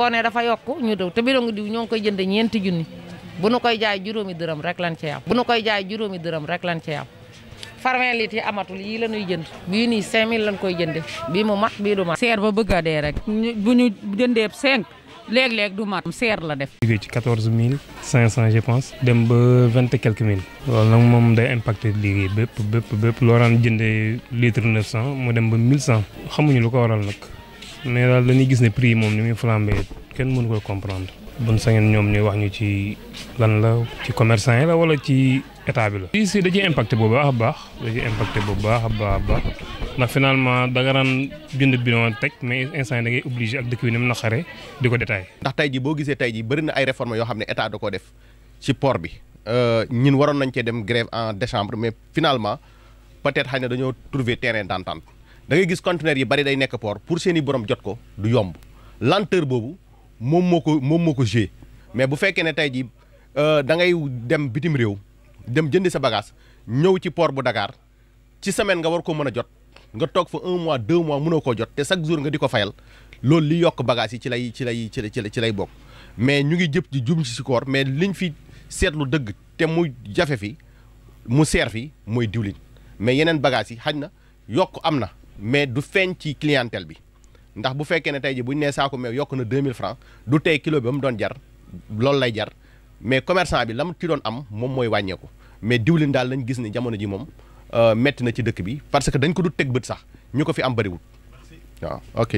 boo dafa yokk ñu daw te bidon diw ñoo ngi koy jënd ñeenti junni bu nu koy jaay juróomi dërëm rek lan ci am bu nu koy jaay juróomi dërëm rek lan ci am farmen liit yi amatul yii la ñuy jënd bii nii 5000 lañ koy jënde bii mu mat bii du mat seer ba bëgg a dee rek bu ñu jëndee seen léeg-léeg du mat seer la def jógee ci 14500 je pense dem ba vingt et quelques mille loolu nag moom day impacté liggéey bépp bépp bépp loo daan jëndee litre 900 mu dem ba 1100 xamuñu lu ko waral nag mais daal dañuy gis ne prix yi moom ni muy flambé kenn mënu ko comprendre. bon sañoon ñoom ñuy wax ñu ci lan la ci commerçant yi la wala ci état bi la. fii si da ciy impacté bu baax a baax da ciy impacté bu baax a baax a baax ndax finalement da nga daan jënd bi noonu teg mais instant yi da ngay obligé ak dëkk bi di ko détaillé. ndax tey jii boo gisee tey bëri na ay réformes yoo xam ne état da def ci port bi euh, ñun waroon nañ cee dem grève en décembre mais finalement peut-être xëy na dañoo trouver terrain d'entente da ngay gis conteneur yi bari day nekk port pour seeni i borom jot ko du yomb lenteur boobu moom moo ko moom moo ko gée mais bu fekkee ne tey jii euh, da ngay dem bitim réew dem jëndi sa bagage ñëw ci port bu dakaar ci semaine nga war ko mën a jot nga toog fa un mois deux mois mënoo koo jot te chaque jour nga di ko fayal loolu li yokk bagage yi ci lay ci lay ci lay ci lay bokk mais ñu ngi jëpp di jum ci si koor mais liñ fi seetlu dëgg te mu jafe fi mu seer fi mooy diwlin mais yeneen bagage yi xaj na yokk am na. mais du feeñ ci clientèle bi ndax bu fekkee ne tey ji bu ñu nee saako mais yokk na mille francs du tey kilo bi ba mu doon jar loolu lay jar mais commerçant bi la mu ci doon am moom mooy wàññeeku mais diwlin daal lañ gis ni jamono ji moom euh, metti na ci dëkk bi parce que dañ ko du teg bët sax ñu ko fi am bëriwul waaw ok